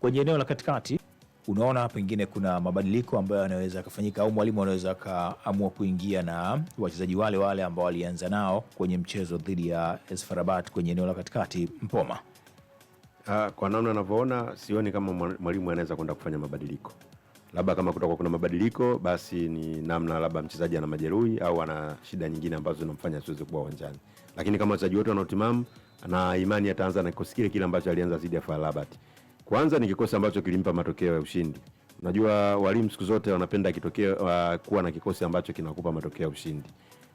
Kwenye eneo la katikati, unaona pengine kuna mabadiliko ambayo yanaweza yakafanyika, au mwalimu anaweza akaamua kuingia na wachezaji wale wale ambao walianza nao kwenye mchezo dhidi ya AS FAR Rabat kwenye eneo la katikati. Mpoma, ah, kwa namna anavyoona, sioni kama mwalimu anaweza kwenda kufanya mabadiliko labda kama kutoka kuna mabadiliko basi ni namna labda mchezaji ana majeruhi au ana shida nyingine ambazo zinamfanya asiweze kuwa uwanjani, lakini kama wachezaji wote wanaotimamu na imani ataanza na kikosi kile kile ambacho alianza dhidi ya FAR Rabat. Kwanza ni kikosi ambacho kilimpa matokeo ya ushindi. Unajua walimu siku zote wanapenda kitokeo, uh, kuwa na kikosi ambacho kinakupa matokeo ya ushindi.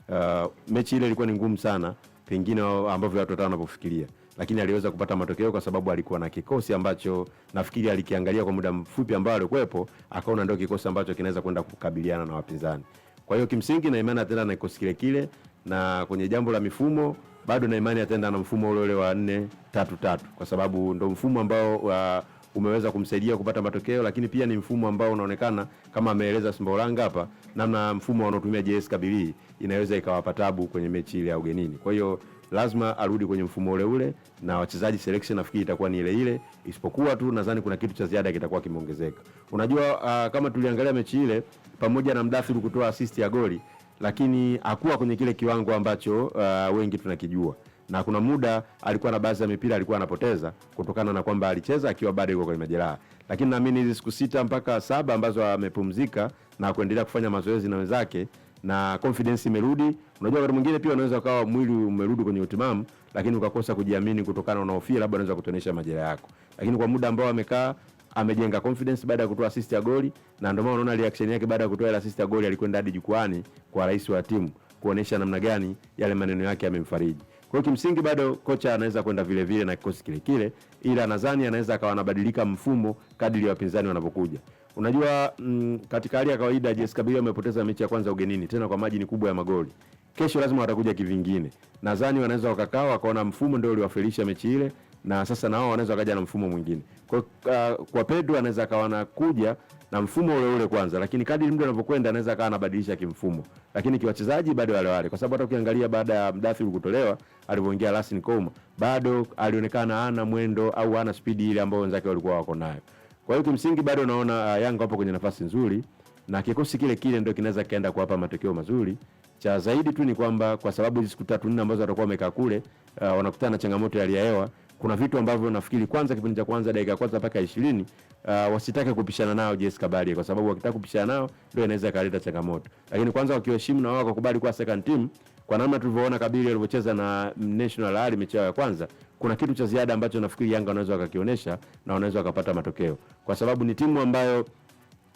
Uh, mechi ile ilikuwa ni ngumu sana pengine ambavyo watu watano wanapofikiria, lakini aliweza kupata matokeo kwa sababu alikuwa na kikosi ambacho nafikiri alikiangalia kwa muda mfupi ambao alikuwepo, akaona ndio kikosi ambacho kinaweza kwenda kukabiliana na wapinzani. Kwa hiyo kimsingi na imani tena na kikosi kile kile, na kwenye jambo la mifumo bado na imani ataenda na mfumo ule ule wa nne tatu tatu, kwa sababu ndo mfumo ambao wa uh, umeweza kumsaidia kupata matokeo, lakini pia ni mfumo ambao unaonekana kama ameeleza Simbaolanga hapa, namna mfumo wanaotumia JS Kabylie inaweza ikawapa tabu kwenye mechi ile ya ugenini. Kwa hiyo lazima arudi kwenye mfumo ule ule na wachezaji selection nafikiri itakuwa ni ile ile, isipokuwa tu nadhani kuna kitu cha ziada kitakuwa kimeongezeka. Unajua uh, kama tuliangalia mechi ile pamoja na Mdathiru kutoa assist ya goli, lakini hakuwa kwenye kile kiwango ambacho uh, wengi tunakijua na kuna muda alikuwa na baadhi ya mipira alikuwa anapoteza kutokana na kwamba alicheza akiwa bado yuko kwenye majeraha, lakini naamini hizi siku sita mpaka saba ambazo amepumzika na kuendelea kufanya mazoezi na wenzake na confidence imerudi. Unajua, wakati mwingine pia unaweza ukawa mwili umerudi kwenye utimamu, lakini ukakosa kujiamini kutokana na unahofia labda unaweza kutonesha majeraha yako, lakini kwa muda ambao amekaa amejenga confidence baada ya kutoa assist ya goli, na ndio maana unaona reaction yake baada ya kutoa ile assist ya goli, alikwenda hadi jukwani kwa rais wa timu kuonesha namna gani yale maneno yake yamemfariji. Kwa hiyo kimsingi bado kocha anaweza kwenda vile vile na kikosi kile kile, ila nadhani anaweza akawa anabadilika mfumo kadri ya wapinzani wanapokuja. Unajua mm, katika hali ya kawaida JS Kabylie amepoteza mechi ya kwanza ugenini, tena kwa maji ni kubwa ya magoli. Kesho lazima watakuja kivingine. Nadhani wanaweza wakakaa wakaona mfumo ndio uliwafilisha mechi ile, na sasa nao wanaweza wakaja na mfumo mwingine. Kwa, uh, kwa Pedro anaweza akawa anakuja na mfumo ule ule kwanza, lakini kadri mtu anavyokwenda anaweza akawa anabadilisha kimfumo, lakini kiwachezaji bado wale wale, kwa sababu hata ukiangalia baada ya Mdathuru kutolewa alipoingia Lasin Koma bado alionekana ana mwendo au ana spidi ile ambayo wenzake walikuwa wako nayo. Kwa hiyo kimsingi bado naona uh, Yanga wapo kwenye nafasi nzuri na kikosi kile kile ndio kinaweza kaenda kuwapa matokeo mazuri. Cha zaidi tu ni kwamba kwa sababu siku tatu nne ambazo watakuwa wamekaa kule, uh, wanakutana na changamoto ya hali ya hewa kuna vitu ambavyo nafikiri kwanza kipindi cha kwanza dakika kwanza mpaka 20 uh, wasitake kupishana nao JS Kabaria kwa sababu wakitaka kupishana nao ndio inaweza kaleta changamoto. Lakini kwanza wakiheshimu na wao wakakubali kuwa second team kwa namna tulivyoona Kabaria alivyocheza na National Ali mechi yao ya kwanza, kuna kitu cha ziada ambacho nafikiri Yanga wanaweza wakakionyesha na wanaweza wakapata matokeo kwa sababu ni timu ambayo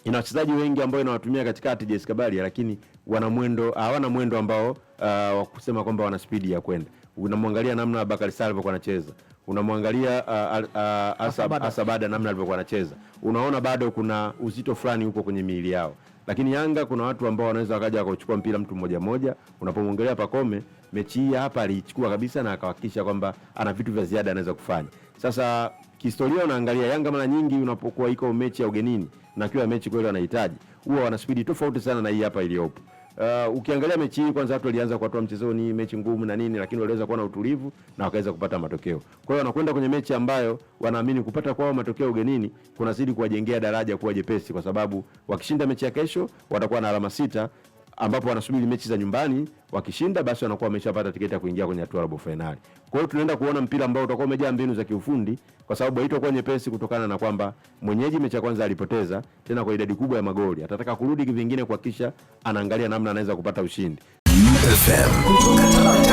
ina wachezaji wengi ambao inawatumia katikati JS Kabaria, lakini wana mwendo hawana mwendo ambao uh, wa kusema kwamba wana spidi ya kwenda unamwangalia namna Bakari Sala alivyokuwa anacheza, unamwangalia uh, uh, Asabada. Asabada namna alivyokuwa anacheza, unaona bado kuna uzito fulani huko kwenye miili yao. Lakini Yanga kuna watu ambao wanaweza wakaja wakachukua mpira mtu mmoja mmoja. Unapomwongelea Pakome, mechi hii hapa aliichukua kabisa na akahakikisha kwamba ana vitu vya ziada anaweza kufanya. Sasa kihistoria, unaangalia Yanga mara nyingi unapokuwa iko mechi ya ugenini na kila mechi kweli wanahitaji, huwa wana spidi tofauti sana na hii hapa iliyopo. Uh, ukiangalia mechi hii kwanza, watu walianza kuwatoa mchezoni, mechi ngumu na nini, lakini waliweza kuwa na utulivu na wakaweza kupata matokeo. Kwa hiyo wanakwenda kwenye mechi ambayo wanaamini kupata kwao matokeo ugenini kunazidi kuwajengea daraja kuwa jepesi, kwa sababu wakishinda mechi ya kesho watakuwa na alama sita ambapo wanasubiri mechi za nyumbani. Wakishinda basi wanakuwa wameshapata tiketi ya kuingia kwenye hatua robo fainali. Kwa hiyo tunaenda kuona mpira ambao utakuwa umejaa mbinu za kiufundi, kwa sababu haitakuwa nyepesi, kutokana na kwamba mwenyeji mechi ya kwanza alipoteza, tena kwa idadi kubwa ya magoli. Atataka kurudi kivingine, kuhakikisha anaangalia namna anaweza kupata ushindi. FM kutoka